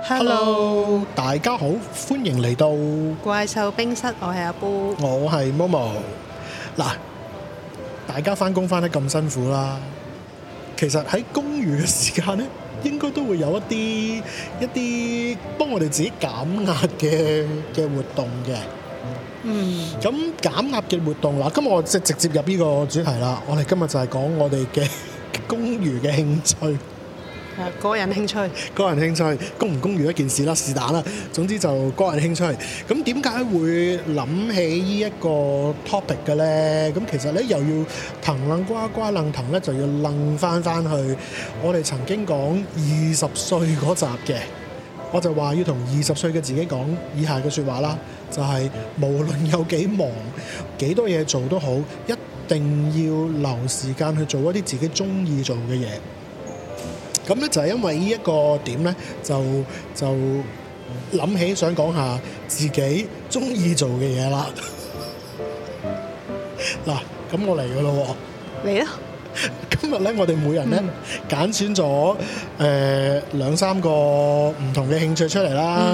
Hello，大家好，歡迎嚟到怪獸冰室。我係阿 Boo，我係 Momo。嗱，大家翻工翻得咁辛苦啦，其實喺工餘嘅時間咧，應該都會有一啲一啲幫我哋自己減壓嘅嘅活動嘅。嗯。咁減壓嘅活動嗱，今日我即係直接入呢個主題啦。我哋今日就係講我哋嘅工餘嘅興趣。個人興趣，個人興趣，公唔公餘一件事啦，是但啦。總之就個人興趣。咁點解會諗起呢一個 topic 嘅呢？咁其實呢，又要騰楞瓜瓜，楞騰呢就要楞翻翻去。我哋曾經講二十歲嗰集嘅，我就話要同二十歲嘅自己講以下嘅説話啦，就係、是、無論有幾忙，幾多嘢做都好，一定要留時間去做一啲自己中意做嘅嘢。咁咧就係因為呢一個點咧，就就諗起想講下自己中意做嘅嘢啦。嗱， 咁呢 我嚟嘅咯喎。你咧？今日咧，我哋每人咧揀、嗯、選咗誒、呃、兩三個唔同嘅興趣出嚟啦。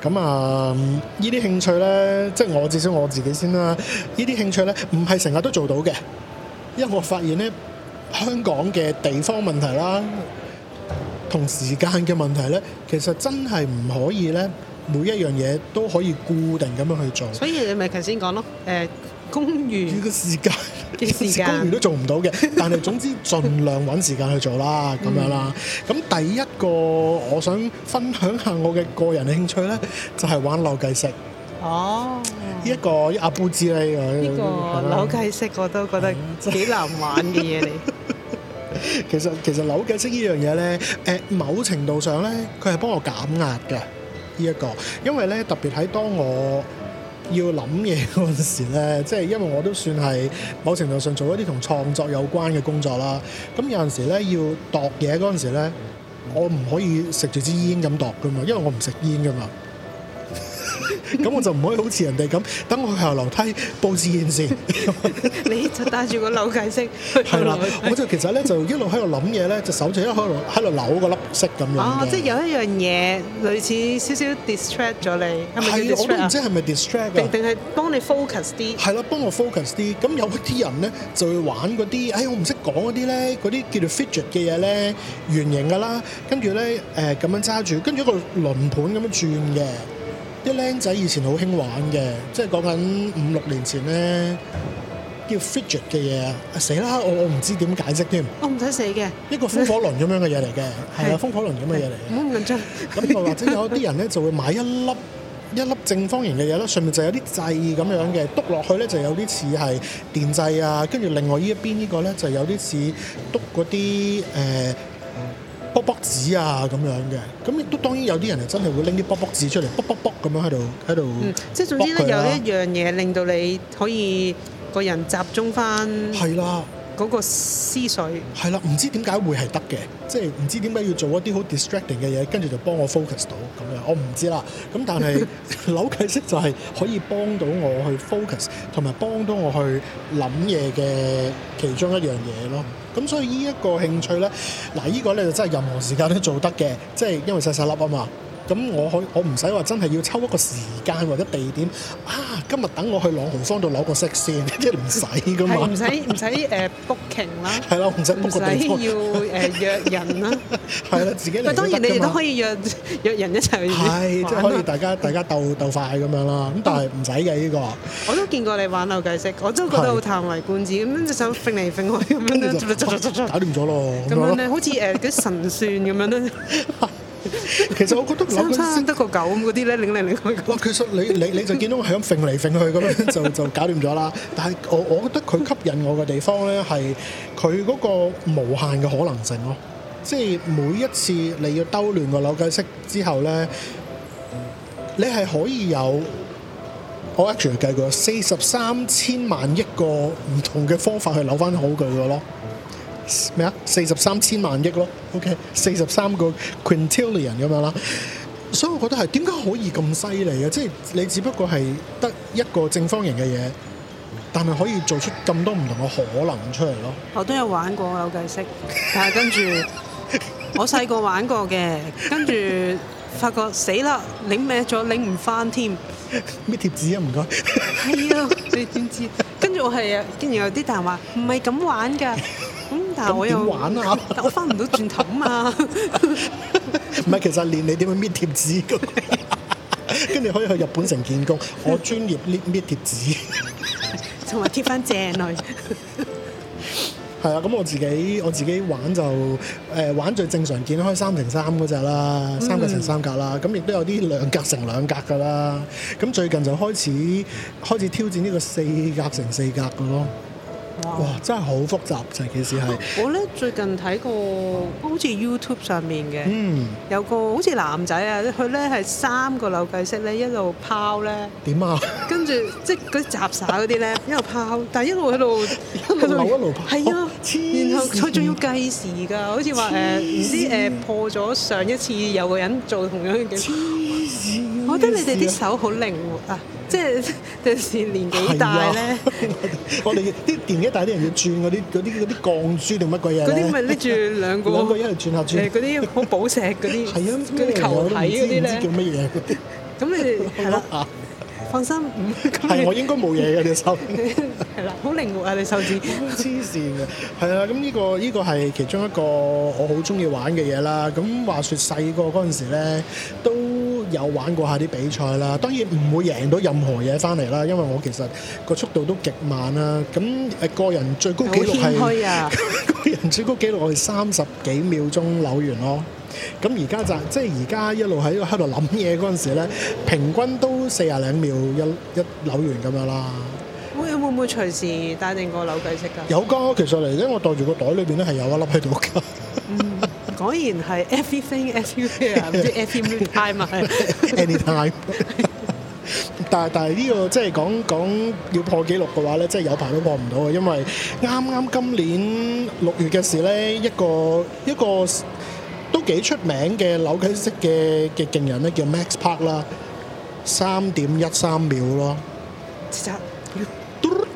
咁啊、嗯，呢啲、呃、興趣咧，即、就、係、是、我至少我自己先啦。呢啲興趣咧，唔係成日都做到嘅，因為我發現咧，香港嘅地方問題啦。同時間嘅問題咧，其實真係唔可以咧，每一樣嘢都可以固定咁樣去做。所以你咪頭先講咯，誒、呃，工餘嘅時間嘅時間，時間 工餘都做唔到嘅。 但係總之，盡量揾時間去做啦，咁、嗯、樣啦。咁第一個，我想分享下我嘅個人興趣咧，就係、是、玩扭計骰。哦，呢一、這個阿布芝呢個扭計骰，我都覺得幾難玩嘅嘢嚟。 其實其實扭計骰呢樣嘢呢，某程度上呢，佢係幫我減壓嘅呢一個，因為呢，特別喺當我要諗嘢嗰陣時呢，即係因為我都算係某程度上做一啲同創作有關嘅工作啦。咁有陣時呢要度嘢嗰陣時呢，我唔可以食住支煙咁度噶嘛，因為我唔食煙噶嘛。咁 我就唔可以好似人哋咁，等我去下樓梯佈置先， 你就帶住個扭計骰。係 啦 ，我就其實咧就一路喺度諗嘢咧，就手就一路喺度扭個粒骰咁樣。哦，即係有一樣嘢類似少少 distract 咗你，係咪 distract？我唔知係咪 distract，定定係幫你 focus 啲？係啦， 幫我 focus 啲。咁有啲人咧就會玩嗰啲，哎，我唔識講嗰啲咧，嗰啲叫做 fidget 嘅嘢咧，圓形噶啦，跟住咧誒咁樣揸住，跟住一個輪盤咁樣轉嘅。啲僆仔以前好興玩嘅，即係講緊五六年前咧叫 fidget 嘅嘢啊！死啦，我我唔知點解釋添。我唔使死嘅。一個風火輪咁樣嘅嘢嚟嘅，係 啊，風火輪咁嘅嘢嚟嘅。咁啊、嗯， 或者有啲人咧就會買一粒一粒正方形嘅嘢咯，上面就有啲掣咁樣嘅，篤落去咧就有啲似係電掣啊，跟住另外呢一邊呢個咧就有啲似篤嗰啲誒。呃卜卜紙啊咁樣嘅，咁亦都當然有啲人係真係會拎啲卜卜紙出嚟卜卜卜咁樣喺度，喺度，即係總之都有一樣嘢令到你可以個人集中翻，係啦，嗰個思緒，係啦，唔知點解會係得嘅，即係唔知點解要做一啲好 distracting 嘅嘢，跟住就幫我 focus 到咁樣，我唔知啦。咁但係扭計骰就係可以幫到我去 focus，同埋幫到我去諗嘢嘅其中一樣嘢咯。咁、嗯、所以呢一個興趣呢，嗱呢、呢個呢就真係任何時間都做得嘅，即係因為細細粒啊嘛。咁我可我唔使話真係要抽一個時間或者地點啊！今日等我去朗豪坊度攞個 set 先，即係唔使噶嘛，唔使唔使誒 booking 啦，係啦，唔使唔使要誒約人啦，係啦，自己。當然你哋都可以約約人一齊，係即係可以大家大家鬥鬥快咁樣啦。咁但係唔使嘅呢個。我都見過你玩扭計骰，我都覺得好歎為觀止，咁隻手飛嚟飛去咁樣，搞掂咗咯。咁樣好似誒神算咁樣咧。 其實我覺得扭計先得個九咁嗰啲咧，拎嚟拎去。哇！其實你 你，你就見到我響揈嚟揈去咁樣，就就搞掂咗啦。但係我我覺得佢吸引我嘅地方咧，係佢嗰個無限嘅可能性咯。即係每一次你要兜亂個扭計骰之後咧，你係可以有我 actually 計過四十三千萬億個唔同嘅方法去扭翻好佢嘅咯。咩啊？四十三千萬億咯，OK，四十三個 quintillion 咁樣啦，所以我覺得係點解可以咁犀利啊？即係你只不過係得一個正方形嘅嘢，但係可以做出咁多唔同嘅可能出嚟咯。我都有玩過，我有計息，但係跟住 我細個玩過嘅，跟住發覺死啦，擰歪咗，擰唔翻添。咩貼紙啊？唔該。係 啊，你點知？跟住我係啊，跟住有啲人話唔係咁玩㗎。但我又玩啊！但我翻唔到轉頭嘛！唔係，其實練你點去搣貼紙嘅，跟 住可以去日本城見工。我專業搣搣 貼紙，同埋貼翻正佢。係啊，咁我自己我自己玩就誒、呃、玩最正常見開三乘三嗰隻啦，三格乘三格啦。咁亦、mm. 都有啲兩格乘兩格㗎啦。咁最近就開始開始挑戰呢個四格乘四格㗎咯。哇！真係好複雜，就係其實係。 我咧最近睇過，好似 YouTube 上面嘅，嗯，有個好似男仔啊，佢咧係三個扭計骰咧，一路拋咧。點啊？跟住即係嗰啲雜耍嗰啲咧，一路拋，但係一路喺度一路一路拋，係 啊！子然後佢仲要計時㗎，好似話誒唔知誒、呃、破咗上一次有個人做同樣嘅記我覺得你哋啲手好靈活啊！即係有時年紀大咧，我哋啲年紀大啲人要轉嗰啲嗰啲嗰啲鋼珠定乜鬼嘢？嗰啲咪拎住兩個，兩個一人轉下轉下，誒嗰啲好寶石嗰啲，係啊，嗰啲球體嗰啲咧，叫乜嘢？嗰啲咁你係咯，放心唔係我應該冇嘢嘅，你手係啦，好靈活啊！你手指黐線嘅，係啊，咁呢個呢個係其中一個我好中意玩嘅嘢啦。咁話説細個嗰陣時咧都。有玩過下啲比賽啦，當然唔會贏到任何嘢翻嚟啦，因為我其實個速度都極慢啦。咁誒個人最高紀錄係，個人最高紀錄我係三十幾秒鐘扭完咯。咁而家就即係而家一路喺喺度諗嘢嗰陣時咧，平均都四廿零秒一一扭完咁樣啦。會會唔會隨時帶定個扭計骰㗎？有㗎，其實嚟咧，因為我袋住個袋裏邊咧係有一粒喺度嘅。果然係 everything everywhere，唔知 everytime 啊，anytime。但係但係呢個即係講講要破紀錄嘅話咧，即係有排都破唔到嘅，因為啱啱今年六月嘅時咧，一個一個都幾出名嘅扭計骰嘅嘅勁人咧，叫 Max Park 啦，三點一三秒咯。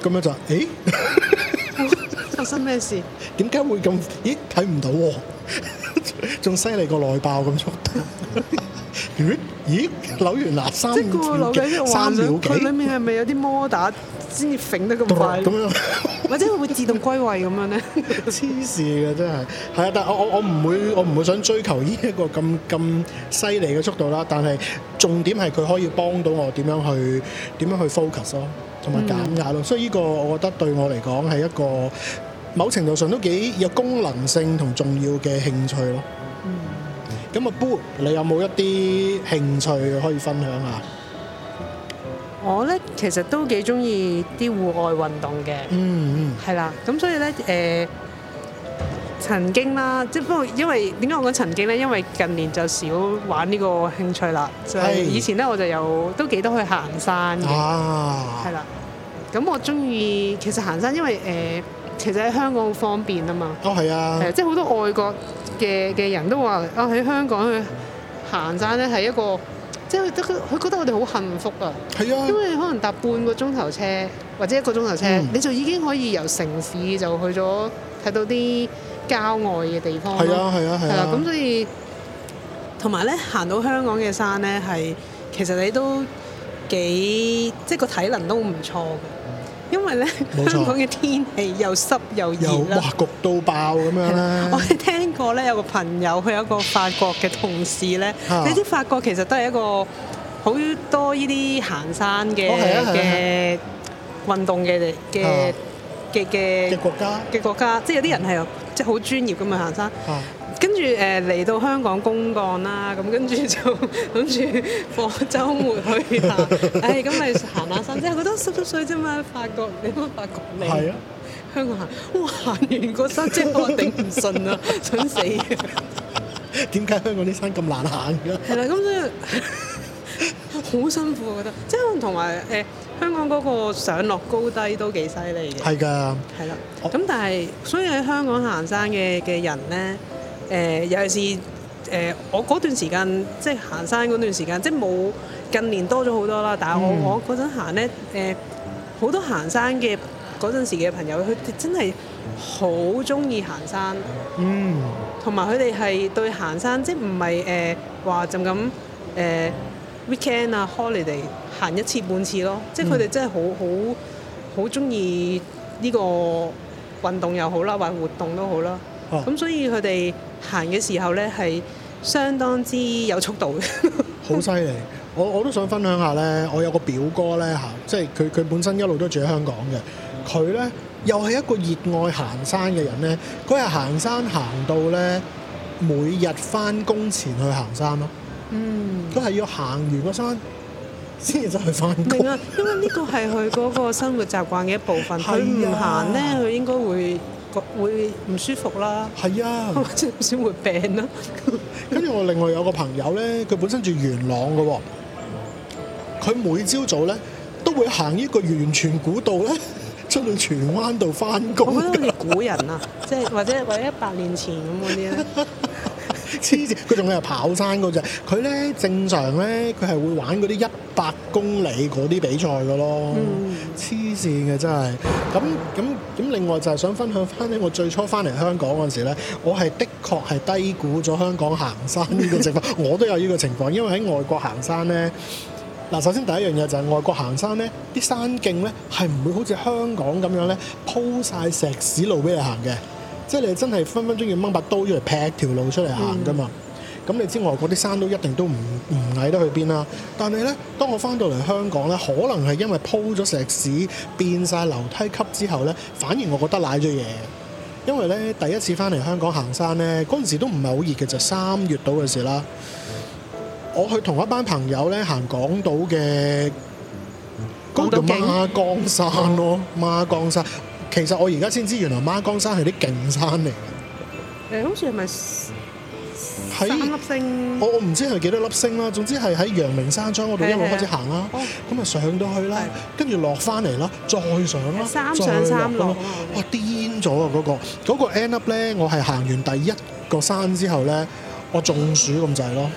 咁樣就，咦，發生咩事？點解會咁？咦，睇唔到喎！仲犀利過內爆咁速，咦？扭完嗱三秒幾，佢裏面係咪有啲摩打先至揈得咁快？咁樣，或者會自動歸位咁樣咧？黐線嘅真係，係啊！但係我我我唔會，我唔會想追求呢一個咁咁犀利嘅速度啦。但係重點係佢可以幫到我點樣去點樣去 focus 咯，同埋減壓咯。所以呢個我覺得對我嚟講係一個。某程度上都幾有功能性同重要嘅興趣咯。咁啊，Bo，你有冇一啲興趣可以分享下？我呢，其實都幾中意啲戶外運動嘅。嗯嗯。係啦，咁所以呢誒，曾經啦，即係不過因為點解我講曾經呢？因為近年就少玩呢個興趣啦。所以以前呢我就有都幾多去行山嘅。啊。係啦。咁我中意其實行山，因為誒。其實喺香港好方便啊嘛！哦，係啊！嗯、即係好多外國嘅嘅人都話啊，喺香港去行山咧係一個，即係佢覺得我哋好幸福啊！啊因為可能搭半個鐘頭車或者一個鐘頭車，嗯、你就已經可以由城市就去咗睇到啲郊外嘅地方。係啊，係啊，係啊！咁、啊、所以同埋呢，行到香港嘅山呢，係其實你都幾即係個體能都唔錯嘅。因為咧，錯香港嘅天氣又濕又熱啦，哇焗到爆咁樣咧。我聽過咧，有個朋友，佢有一個法國嘅同事咧。你知 法國其實都係一個好多呢啲行山嘅嘅、哦啊啊啊、運動嘅嘅嘅嘅國家嘅國家， 即係有啲人係即係好專業咁去行山。 跟住誒嚟到香港公幹啦，咁跟住就諗住放周末去下，誒咁咪行下山 即係，覺得濕濕碎啫嘛。發覺你講發覺未？係啊的，香港行哇行完個山即係我頂唔順啊，蠢死！點解 香港啲山咁難行嘅？係啦，咁所以好辛苦我覺得，即係同埋誒香港嗰個上落高低都幾犀利嘅。係㗎，係啦。咁但係所以喺香港行山嘅嘅人咧。誒、呃、尤其是誒、呃、我嗰段時間即係行山嗰段時間，即係冇近年多咗好多啦。但係我、嗯、我嗰陣行咧誒好多行山嘅嗰陣時嘅朋友，佢哋真係好中意行山。嗯，同埋佢哋係對行山即係唔係誒話就咁誒 weekend 啊 holiday 行一次半次咯。即係佢哋真係好好好中意呢個運動又好啦，或者活動都好啦。咁、哦、所以佢哋行嘅時候呢，係相當之有速度嘅。好犀利！我我都想分享下呢，我有個表哥呢，嚇，即係佢佢本身一路都住喺香港嘅。佢呢，又係一個熱愛行山嘅人呢。佢係行山行到呢，每日翻工前去行山咯。嗯。佢係要行完個山先至再翻工。明啊， 因為呢個係佢嗰個生活習慣嘅一部分。係啊。佢唔行呢，佢應該會。會唔舒服啦，係啊，先會病咯。跟 住我另外有個朋友咧，佢本身住元朗噶、哦，佢每朝早咧都會行呢個元荃古道咧，出到荃灣度翻工。我覺得好似古人啊，即係 或者或者一百年前咁嗰啲啊。黐 線，佢仲係跑山嗰隻。佢咧正常咧，佢係會玩嗰啲一百公里嗰啲比賽噶咯。嗯黐線嘅真係，咁咁咁另外就係想分享翻呢，我最初翻嚟香港嗰陣時呢，我係的確係低估咗香港行山呢個情況， 我都有呢個情況，因為喺外國行山呢。嗱，首先第一樣嘢就係、是、外國行山呢，啲山徑呢係唔會好似香港咁樣呢鋪晒石屎路俾你行嘅，即係你真係分分鐘要掹把刀要嚟劈條路出嚟行㗎嘛。嗯咁你知外國啲山都一定都唔唔矮得去邊啦，但係咧，當我翻到嚟香港咧，可能係因為鋪咗石屎變曬樓梯級之後咧，反而我覺得矮咗嘢。因為咧第一次翻嚟香港行山咧，嗰陣時都唔係好熱嘅，就三月度嘅時啦。我去同一班朋友咧行港島嘅嗰個孖崗山咯，孖崗山。其實我而家先知，原來孖崗山係啲勁山嚟嘅。誒，好似係咪？喺我我唔知係幾多粒星啦，總之係喺陽明山莊嗰度一路開始行啦，咁啊上到去啦，跟住落翻嚟啦，再上啦，再落啦，哇癲咗啊，嗰個嗰個 end up 咧，我係行完第一個山之後咧，我中暑咁滯咯，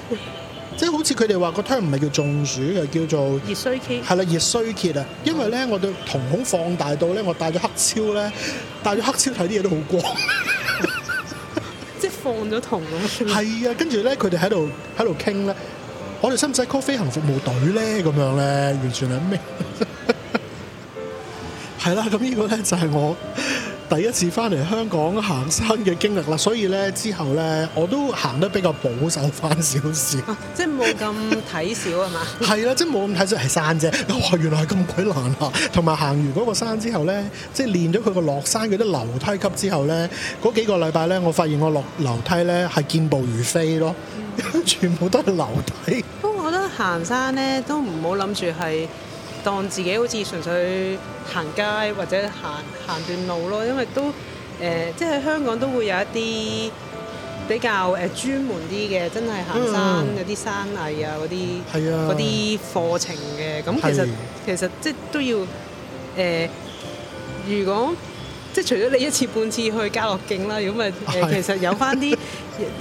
即係好似佢哋話個 term 唔係叫中暑，嘅，叫做熱衰竭，係啦熱衰竭啊，因為咧我對瞳孔放大到咧，我戴咗黑超咧，戴咗黑超睇啲嘢都好光。放咗糖咯，係啊，跟住咧，佢哋喺度喺度傾咧，我哋使唔使 call 飛行服務隊咧？咁樣咧，完全係咩？係啦，咁 呢個咧就係、是、我。 第一次翻嚟香港行山嘅經歷啦，所以呢，之後呢，我都行得比較保守翻少少，即係冇咁睇小啊嘛。係啦， 即係冇咁睇小，係山啫。哇、哦，原來係咁鬼難啊！同埋行完嗰個山之後呢，即係練咗佢個落山嗰啲樓梯級之後呢，嗰幾個禮拜呢，我發現我落樓梯呢係健步如飛咯，嗯、全部都係樓梯。不過，我覺得行山呢都唔好諗住係。當自己好似純粹行街或者行行段路咯，因為都誒，即、呃、係香港都會有一啲比較誒專、呃、門啲嘅，真係行山、嗯、有啲山藝啊嗰啲，嗰啲、啊、課程嘅。咁、嗯、其實其實即係都要誒、呃，如果即係除咗你一次半次去家樂徑啦，咁咪、啊，誒，其實有翻啲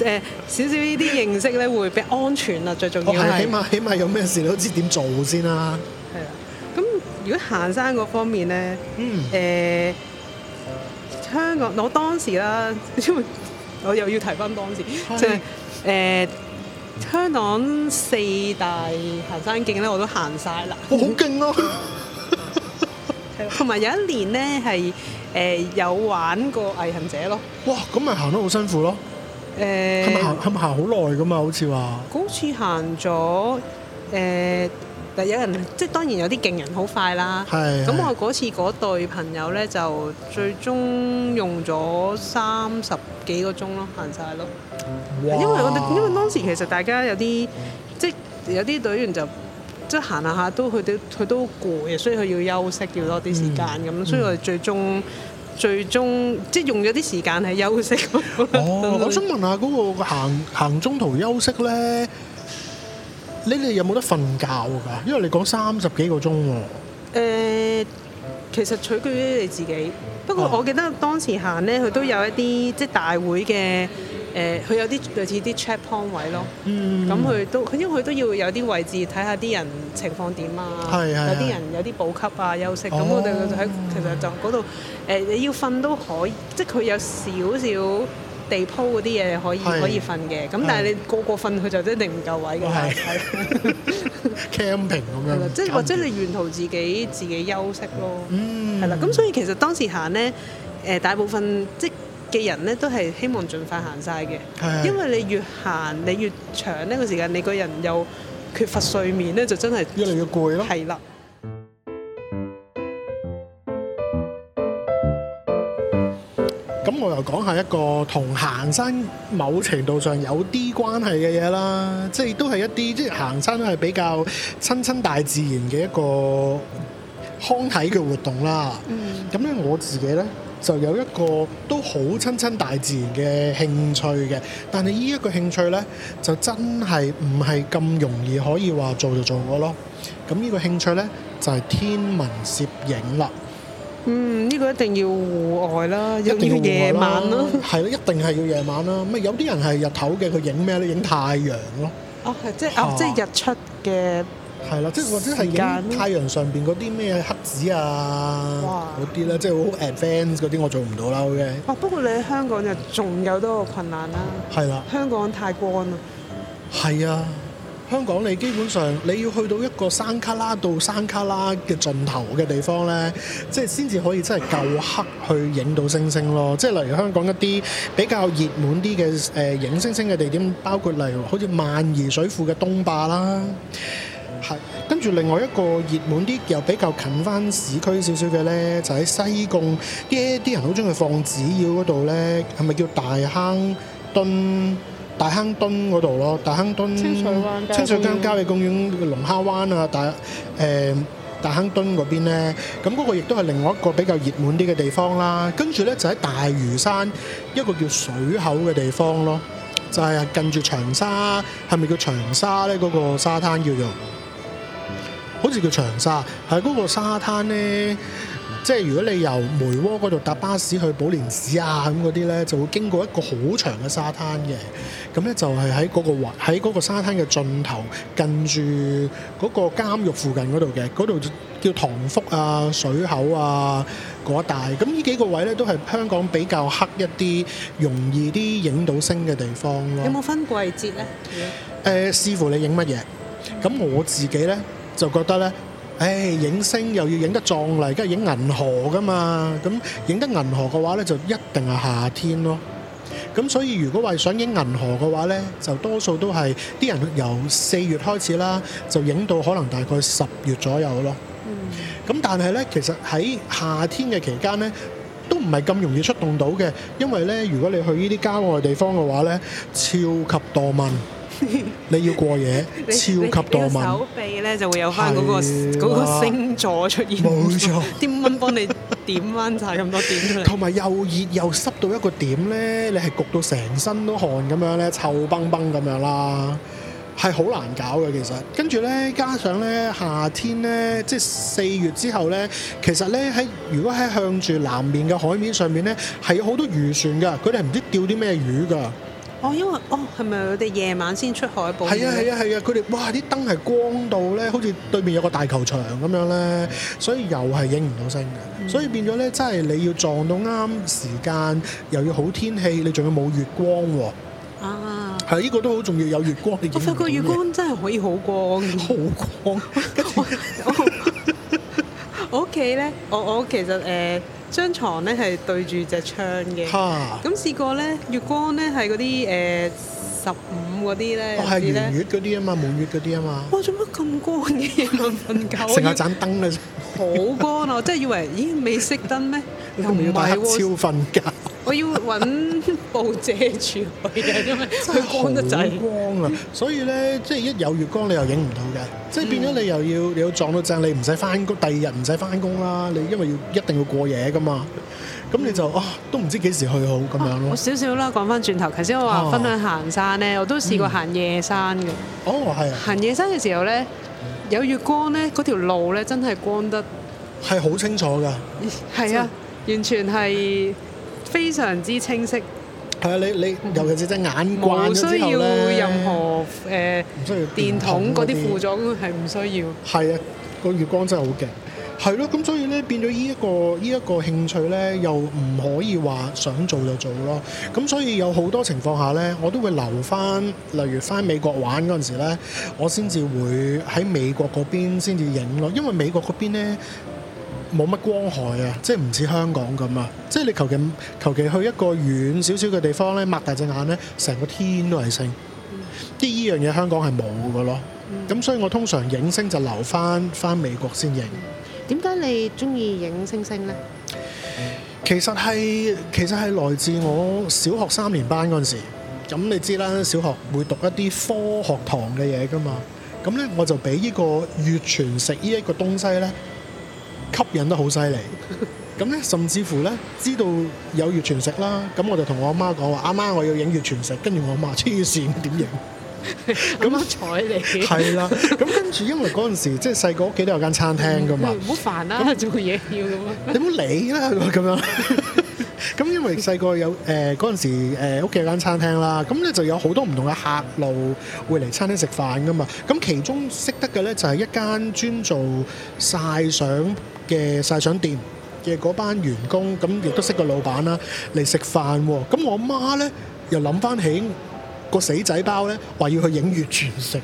誒少少呢啲認識咧，會比較安全啊。最重要係，起碼起碼有咩事你都知點做先啦 gold。如果行山嗰方面咧，誒、嗯呃、香港我當時啦，因 為我又要提翻當時，即係誒香港四大行山徑咧，我都行晒啦。好勁咯，同埋、啊、 有，有一年咧係誒有玩過毅行者咯。哇！咁咪行得好辛苦咯？誒、呃，係咪行？係咪行好耐噶嘛？好似話，好似行咗誒。呃嗯但有人即係當然有啲勁人好快啦。係。咁我嗰次嗰對朋友呢，就最終用咗三十幾個鐘咯，行晒咯。哇 因為我哋因為當時其實大家有啲、嗯、即係有啲隊員就即係行下下都去到，佢都攰，所以佢要休息，要多啲時間咁。嗯、所以我哋最終、嗯、最終即係用咗啲時間係休息。哦、 我想問下嗰個行行中途休息呢？你哋有冇得瞓覺㗎？因為你講三十幾個鐘喎。呃，其實取決於你自己。不過我記得當時行咧，佢都有一啲即係大會嘅誒，佢、呃、有啲類似啲 check point 位咯。咁佢、嗯、都，因為佢都要有啲位置睇下啲人情況點啊。係係。有啲人有啲補給啊，休息。咁、哦、我哋就喺其實就嗰度誒，你要瞓都可以，即係佢有少少。地鋪嗰啲嘢可以可以瞓嘅，咁但係你個個瞓佢就一定唔夠位嘅。係，camping 咁樣，即係或者你沿途自己自己休息咯。嗯，係啦。咁所以其實當時行咧，誒大部分即嘅人咧都係希望盡快行晒嘅。係，因為你越行你越長呢個時間，你個人又缺乏睡眠咧，就真係越嚟越攰咯。係啦。咁我又講下一個同行山某程度上有啲關係嘅嘢啦，即係都係一啲即係行山係比較親親大自然嘅一個康體嘅活動啦。咁咧、嗯、我自己咧就有一個都好親親大自然嘅興趣嘅，但係呢一個興趣咧就真係唔係咁容易可以話做就做過咯。咁呢個興趣咧就係、是、天文攝影啦。嗯、呢、這個一定要戶外啦，一定要，要夜晚啦，係咯， 一定係要夜晚啦。咪有啲人係日頭嘅，佢影咩咧？影太陽咯。哦、啊，係、啊、即係哦，即係日出嘅。係啦，即係或者係影太陽上邊嗰啲咩黑子啊，嗰啲咧，即係好 advance 嗰啲，我做唔到啦，我、okay、嘅。哇、啊！不過你喺香港就仲有多個困難啦。係啦的，香港太乾啦。係啊。香港你基本上你要去到一個山卡拉，到山卡拉嘅盡頭嘅地方呢，即係先至可以真係夠黑去影到星星咯。即係例如香港一啲比較熱門啲嘅誒影星星嘅地點，包括例如好似萬宜水庫嘅東壩啦，係，跟住另外一個熱門啲又比較近翻市區少少嘅呢，就喺西貢啲啲人好中意放紙鳶嗰度呢，係咪叫大坑墩？大坑墩嗰度咯，大坑墩、清水灣、清水灣郊野公園、龍蝦灣啊，大誒、呃、大坑墩嗰邊呢，咁、那、嗰個亦都係另外一個比較熱門啲嘅地方啦。跟住呢，就喺、是、大嶼山一個叫水口嘅地方咯，就係、是、近住長沙，係咪叫長沙呢？嗰、那個沙灘叫做，好似叫長沙，喺嗰個沙灘呢。即係如果你由梅窩嗰度搭巴士去寶蓮寺啊咁嗰啲呢就會經過一個好長嘅沙灘嘅。咁呢就係喺嗰個位，喺嗰個沙灘嘅盡頭，近住嗰個監獄附近嗰度嘅。嗰度叫唐福啊、水口啊嗰一帶。咁呢幾個位呢都係香港比較黑一啲、容易啲影到星嘅地方咯。有冇分季節呢？誒、呃，視乎你影乜嘢。咁我自己呢，就覺得呢。唉，影星又要影得壯麗，梗係影銀河㗎嘛，咁影得銀河嘅話呢，就一定係夏天咯。咁所以如果話想影銀河嘅話呢，就多數都係啲人由四月開始啦，就影到可能大概十月左右咯。嗯，咁但係呢，其實喺夏天嘅期間呢，都唔係咁容易出動到嘅，因為呢，如果你去呢啲郊外地方嘅話呢，超級多蚊。 你要過夜， 你超級多蚊。手臂咧就會有翻嗰、那個嗰、啊、個星座出現，冇錯沒錯。啲 蚊幫你點蚊晒咁多點出嚟，同埋又熱又濕到一個點咧，你係焗到成身都汗咁樣咧，臭崩崩咁樣啦，係好難搞嘅其實。跟住咧，加上咧夏天咧，即係四月之後咧，其實咧喺如果喺向住南面嘅海面上面咧，係有好多漁船噶，佢哋唔知釣啲咩魚噶。哦，因為哦，係咪佢哋夜晚先出海捕？係啊係啊係啊！佢哋、啊啊、哇啲燈係光到咧，好似對面有個大球場咁樣咧，嗯、所以又係影唔到星嘅。嗯、所以變咗咧，真係你要撞到啱時間，又要好天氣，你仲要冇月光喎、哦。啊！係呢、啊呢個都好重要，有月光。我發覺月光真係可以光 好光。好光 ！我屋企咧，我 我，我，我，我其實誒。呃張床咧係對住隻窗嘅，咁哈 試過咧，月光咧係嗰啲誒十五嗰啲咧，係、呃哦、圓月嗰啲啊嘛，滿月嗰啲啊嘛。哇！做乜咁光嘅夜晚瞓覺？成日 盞燈啊， 好光啊！我真係以為咦未熄燈咩？又唔係喎。黑超瞓覺。我要揾布遮住佢嘅，因為佢光得滯光啊！所以咧，即係一有月光，你又影唔到嘅，即係變咗你又要，你要撞到正，你唔使翻工，第二日唔使翻工啦。你因為要一定要過夜噶嘛，咁你就啊，都唔知幾時去好咁樣咯。少少啦，講翻轉頭，頭先我話分享行山咧，我都試過行夜山嘅。哦，係啊，行夜山嘅時候咧，有月光咧，嗰條路咧真係光得係好清楚㗎。係啊，完全係。非常之清晰，係啊、嗯！你你尤其是隻眼慣咗之後咧，唔需要任何、呃、唔需要電筒嗰啲輔助，係唔需要。係啊，個月光真係好勁。係咯，咁所以咧變咗呢一個呢一個興趣咧，又唔可以話想做就做咯。咁所以有好多情況下咧，我都會留翻，例如翻美國玩嗰陣時咧，我先至會喺美國嗰邊先至影咯，因為美國嗰邊咧。冇乜光害啊！即係唔似香港咁啊！即係你求其求其去一個遠少少嘅地方咧，擘大隻眼咧，成個天都係星。啲依樣嘢香港係冇嘅咯。咁、嗯、所以我通常影星就留翻翻美國先影。點解你中意影星星咧、嗯？其實係其實係來自我小學三年班嗰陣時。咁你知啦，小學會讀一啲科學堂嘅嘢噶嘛？咁咧我就俾呢個月全食呢一個東西咧。吸引得好犀利，咁咧甚至乎咧知道有月全食啦，咁我就同我阿媽講話，阿媽我要影月全食。跟住我阿媽黐線，點影，咁乜睬你？係啦， 咁跟住因為嗰陣時即係細個屋企都有間餐廳噶、嗯嗯、嘛，唔好煩啦，做嘢要咁啊，你唔好理啦咁樣。咁 因為細個有誒嗰陣時誒屋企有間餐廳啦，咁咧就有好多唔同嘅客路會嚟餐廳食飯噶嘛，咁其中識得嘅咧就係一間專做曬相。嘅曬相店嘅嗰班員工，咁亦都識個老闆啦，嚟食飯。咁我媽呢又諗翻起個死仔包呢，話要去影月全食。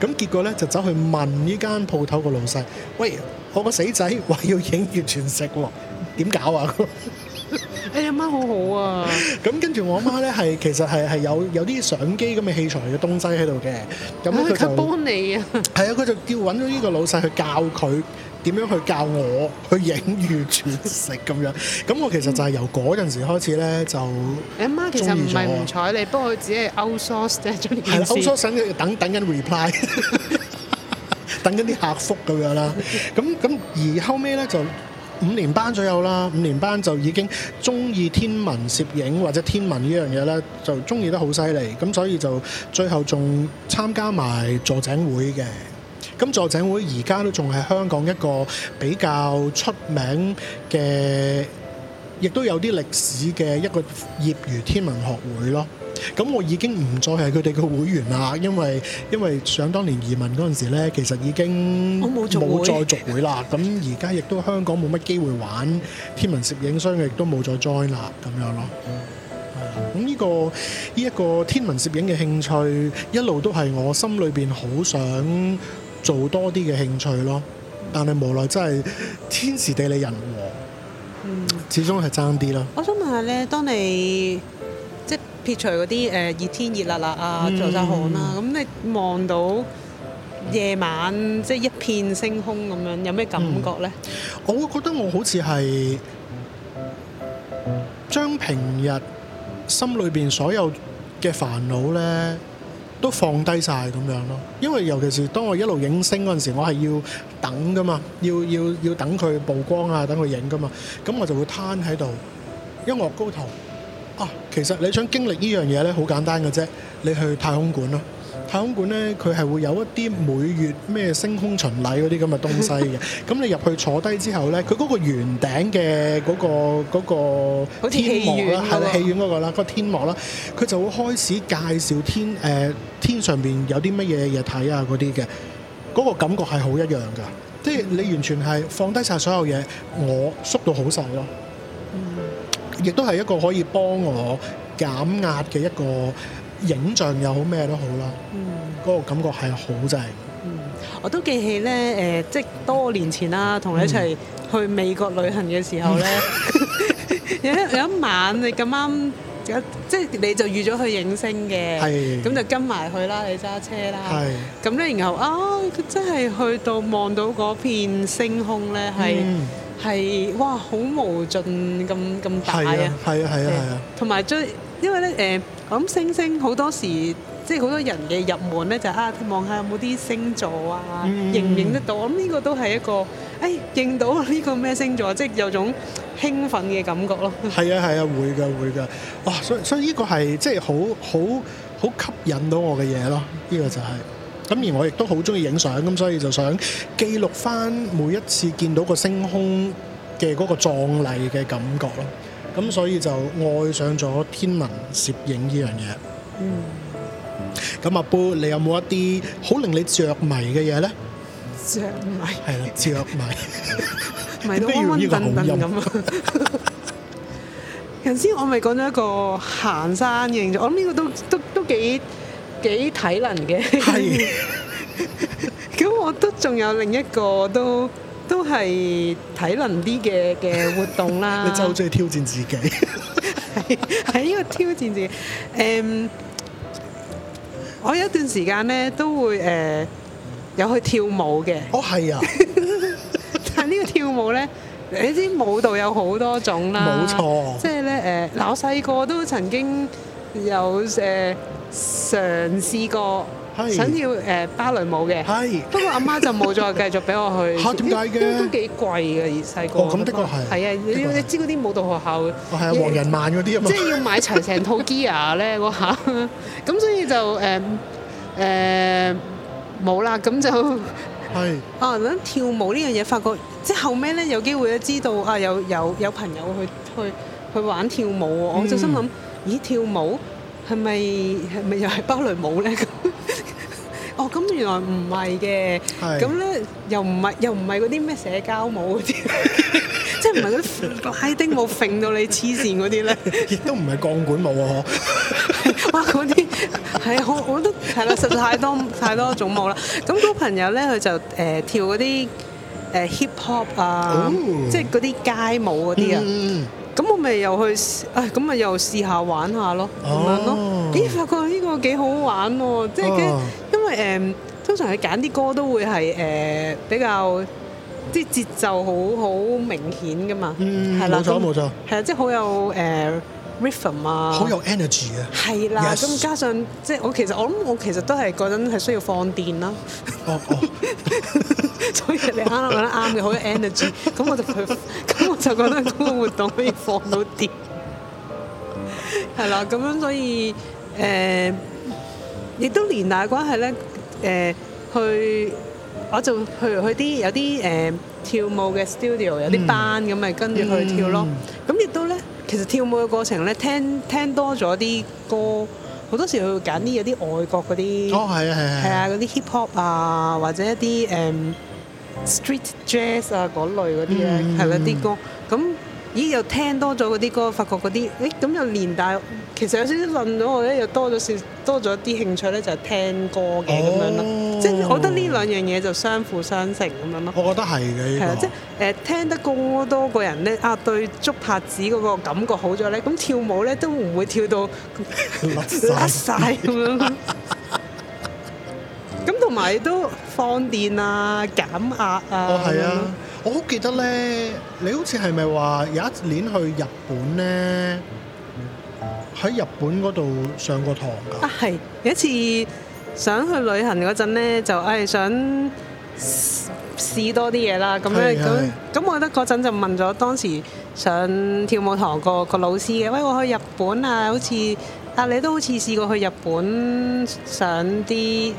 咁結果呢就走去問呢間鋪頭個老細：「喂，我個死仔話要影月全食，點搞啊？哎呀，媽好好啊！咁跟住我媽呢係其實係係有有啲相機咁嘅器材嘅東西喺度嘅。咁佢幫你啊？係啊，佢就叫揾咗呢個老細去教佢。點樣去教我去影魚煮食咁樣。咁我其實就係由嗰陣時開始咧。就你阿媽其實唔係唔睬你，不過佢只係 outsource 咗呢件事。係 outsource，要等等緊 reply， 等緊啲客服咁樣啦。咁咁 而後尾咧就五年班左右啦，五年班就已經中意天文攝影或者天文呢樣嘢咧，就中意得好犀利。咁所以就最後仲參加埋坐井會嘅。咁助長會而家都仲係香港一個比較出名嘅，亦都有啲歷史嘅一個業餘天文學會咯。咁我已經唔再係佢哋嘅會員啦，因為因為想當年移民嗰陣時呢，其實已經冇再續會啦。咁而家亦都香港冇乜機會玩天文攝影，所以亦都冇再 join 啦。咁樣咯。嗯。係啦。咁呢個呢一個天文攝影嘅興趣，一路都係我心裏邊好想做多啲嘅興趣咯，但係無奈真係天時地利人和，嗯、始終係爭啲咯。我想問下咧，當你即係撇除嗰啲誒熱天熱辣辣啊，流曬汗啦，咁、嗯、你望到夜晚、嗯、即係一片星空咁樣，有咩感覺咧、嗯？我會覺得我好似係將平日心裏邊所有嘅煩惱咧，都放低晒，咁樣咯，因為尤其是當我一路影星嗰陣時，我係要等噶嘛，要要要等佢曝光啊，等佢影噶嘛，咁我就會攤喺度，音樂高頭啊，其實你想經歷呢樣嘢呢，好簡單嘅啫，你去太空館咯。太空館呢，佢係會有一啲每月咩星空巡禮嗰啲咁嘅東西嘅。咁 你入去坐低之後呢，佢嗰個圓頂嘅嗰個嗰個天幕啦，係啦戲院嗰個啦，嗰個天幕啦，佢就會開始介紹天誒、呃、天上邊有啲乜嘢嘢睇啊嗰啲嘅。嗰個感覺係好一樣噶，即係 你完全係放低晒所有嘢，我縮到好細咯。亦都係一個可以幫我減壓嘅一個。影像又好咩都好啦，嗯，嗰個感覺係好正。嗯，我都記起呢，誒、呃，即係多年前啦、啊，同你一齊去美國旅行嘅時候呢、嗯 有，有一晚你咁啱有，即係你就預咗去影星嘅，係是，咁就跟埋去啦，你揸車啦，係是。咁呢，然後啊，真係去到望到嗰片星空呢，係係、嗯、哇，好無盡咁咁大啊，係啊係啊係啊。同埋追，因為呢。誒、呃。呃咁星星好多時，即係好多人嘅入門咧、就是，就啊望下有冇啲星座啊，認唔認得到？咁呢個都係一個，誒、哎、認到呢個咩星座，即係有種興奮嘅感覺咯。係啊係啊，會㗎會㗎，哇、啊！所以所以呢個係即係好好好吸引到我嘅嘢咯，呢、這個就係、是。咁而我亦都好中意影相，咁所以就想記錄翻每一次見到個星空嘅嗰個壯麗嘅感覺咯。咁所以就愛上咗天文攝影呢樣嘢。嗯。咁阿 Bo，你有冇一啲好令你著迷嘅嘢咧？著迷。係啦，著迷。迷到安安頓頓咁啊！頭先我咪講咗一個行山嘅，我諗呢個都都都幾幾體能嘅。係。咁我都仲有另一個都。都係體能啲嘅嘅活動啦。 你就好中意挑戰自己，喺呢 個挑戰自己。誒、um，我有一段時間咧，都會誒、呃、有去跳舞嘅。哦，係啊！ 但呢個跳舞咧，你知舞蹈有好多種啦，冇錯。即係咧誒，我細個都曾經有誒、呃、嘗試過。想要誒芭蕾舞嘅，不過阿媽就冇再繼續俾我去嚇。點解嘅？都幾貴嘅，而細個咁的確係。係啊！你知嗰啲舞蹈學校，我係王仁曼嗰啲啊嘛，即係要買齊成套 gear 咧嗰下，咁所以就誒誒冇啦，咁就係啊！跳舞呢樣嘢，發覺即係後尾咧有機會咧，知道啊有有有朋友去去去玩跳舞，我就心諗，咦，跳舞係咪係咪又係芭蕾舞咧？哦，咁原來唔係嘅，咁咧是又唔係又唔係嗰啲咩社交舞嗰啲， 即係唔係嗰啲拉丁舞揈到你黐線嗰啲咧？亦都唔係鋼管舞啊。 哇！嗰啲係我覺得係啦，實在太多太多種舞啦。咁個朋友咧，佢就誒、呃、跳嗰啲誒 hip hop 啊，哦、即係嗰啲街舞嗰啲啊。嗯咁我咪又去，唉，咁咪又試，試玩下玩下咯，咁樣咯。咦、oh. 欸，發覺呢個幾好玩喎、哦，即係因為誒、oh. 呃，通常你揀啲歌都會係誒、呃、比較啲節奏好好明顯㗎嘛，嗯，係啦，冇錯冇錯，係啊那錯，即係好有誒、uh, rhythm 啊，好有 energy 啊，係啦，咁 Yes.、嗯、加上即係我其實我諗我其實都係嗰陣係需要放電啦、啊。 oh, oh. 所以你啱啦，揾啱嘅好多 energy，咁我就去，咁我就覺得嗰個活動可以放到啲，係啦，咁樣所以誒，亦都連帶關係咧，誒去，我就去去啲有啲誒跳舞嘅 studio，有啲班咁咪跟住去跳咯。咁亦都咧，其實跳舞嘅過程咧，聽聽多咗啲歌，好多時佢會揀啲有啲外國嗰啲，哦係啊，係係係啊，嗰啲 hip hop 啊，或者一啲誒。Street Jazz 啊，嗰類嗰啲咧，係啦啲歌，咁咦又聽多咗嗰啲歌，發覺嗰啲，誒咁又年大，其實有少少諗咗，我咧，又多咗少多咗啲興趣咧，就係、是、聽歌嘅咁、哦、樣咯，即係我覺得呢兩樣嘢就相輔相成咁樣咯。我覺得係嘅。係啊，即係誒聽得咁多個人咧，啊對竹拍子嗰個感覺好咗咧，咁跳舞咧都唔會跳到甩晒咁樣。 埋都放電啊、減壓啊！哦，係啊！我好記得呢，你好似係咪話有一年去日本呢？喺日本嗰度上過堂㗎？啊，係有一次想去旅行嗰陣咧，就係、哎、想試多啲嘢啦。咁咧，咁係係，我覺得嗰陣就問咗當時上跳舞堂個、嗰個老師嘅。喂，我去日本啊，好似啊，你都好似試過去日本上啲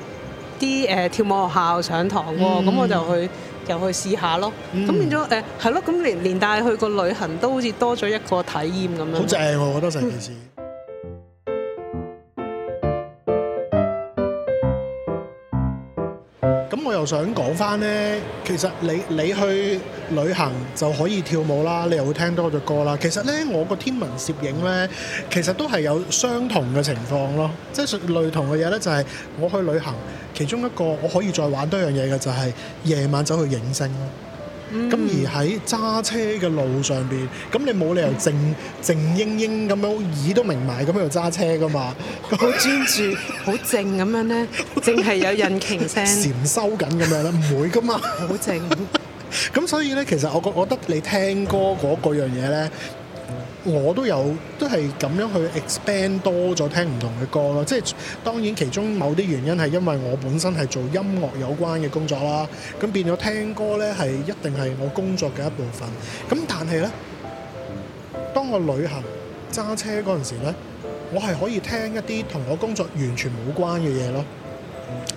啲誒、呃、跳舞學校上堂喎，咁、嗯、我就去又去試下咯。咁、嗯、變咗誒係咯，咁連連帶去個旅行都好似多咗一個體驗咁樣。好正、啊，我覺得成件事。咁、嗯、我又想講翻呢，其實你你去旅行就可以跳舞啦，你又會聽多咗歌啦。其實呢，我個天文攝影呢，其實都係有相同嘅情況咯，即係類同嘅嘢呢，就係我去旅行。其中一個我可以再玩多樣嘢嘅就係、是、夜晚走去影星咁、嗯、而喺揸車嘅路上邊，咁你冇理由靜、嗯、靜英英咁樣耳都明埋咁喺度揸車噶嘛？好專注，好 靜咁樣呢，淨係有引擎聲，禪修緊咁樣咧，唔會噶嘛，好靜。咁 所以呢，其實我覺覺得你聽歌嗰樣嘢呢。我都有都係咁樣去 expand 多咗聽唔同嘅歌咯，即係當然其中某啲原因係因為我本身係做音樂有關嘅工作啦，咁變咗聽歌咧，係一定係我工作嘅一部分。咁但係咧，當我旅行揸車嗰陣時咧，我係可以聽一啲同我工作完全冇關嘅嘢咯。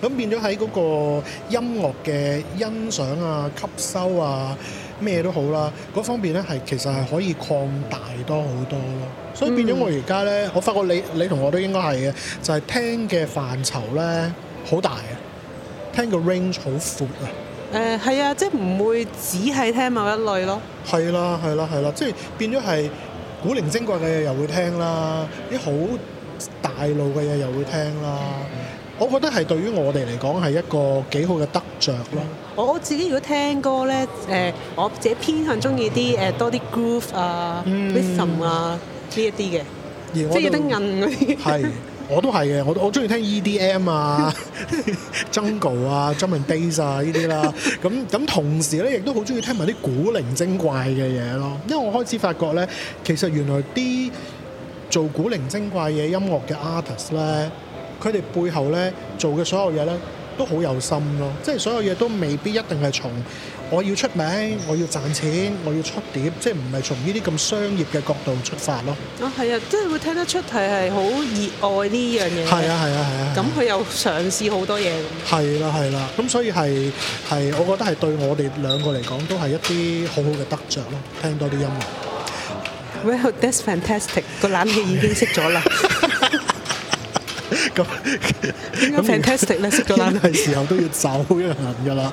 咁變咗喺嗰個音樂嘅欣賞啊、吸收啊。咩都好啦，嗰方面咧係其實係可以擴大多好多咯。所以變咗我而家咧，我發覺你你同我都應該係嘅，就係、是、聽嘅範疇咧好大嘅，聽個 range 好闊啊。誒係、呃、啊，即係唔會只係聽某一類咯。係啦、啊，係啦、啊，係啦、啊啊，即係變咗係古靈精怪嘅嘢又會聽啦，啲好大路嘅嘢又會聽啦。嗯。我覺得係對於我哋嚟講係一個幾好嘅得着咯。我自己如果聽歌咧，誒、呃、我自己偏向中意啲誒多啲 groove 啊、rhythm 啊呢一啲嘅，即係啲韌嗰啲。係，我都係嘅，我我中意聽 EDM 啊、 Jungle 啊、Jump and Bass 啊呢啲啦。咁咁同時咧，亦都好中意聽埋啲古靈精怪嘅嘢咯。因為我開始發覺咧，其實原來啲做古靈精怪嘢音樂嘅 artists 咧。佢哋背後咧做嘅所有嘢咧，都好有心咯。即係所有嘢都未必一定係從我要出名、我要賺錢、我要出碟，即係唔係從呢啲咁商業嘅角度出發咯。啊，係啊，即係會聽得出係係好熱愛呢樣嘢。係啊，係啊，係啊。咁佢又嘗試好多嘢。係啦，係啦。咁所以係係，我覺得係對我哋兩個嚟講都係一啲好好嘅得著咯。聽多啲音樂。Well, that's fantastic。個冷氣已經熄咗啦。咁咁 fantastic 咧！食咗晏，係時候都要走嘅啦。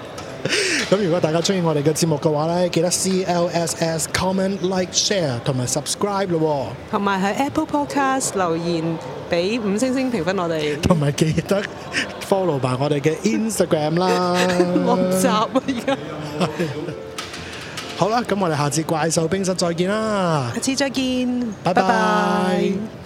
咁如果大家中意我哋嘅節目嘅話咧，記得 CLSS comment like share 同埋 subscribe 咯。同埋喺 Apple Podcast 留言俾五星星評分我哋。同埋記得 follow 埋我哋嘅 Instagram 啦。我雜啊！而家好啦，咁我哋下次怪獸冰室再見啦。下次再見。拜拜。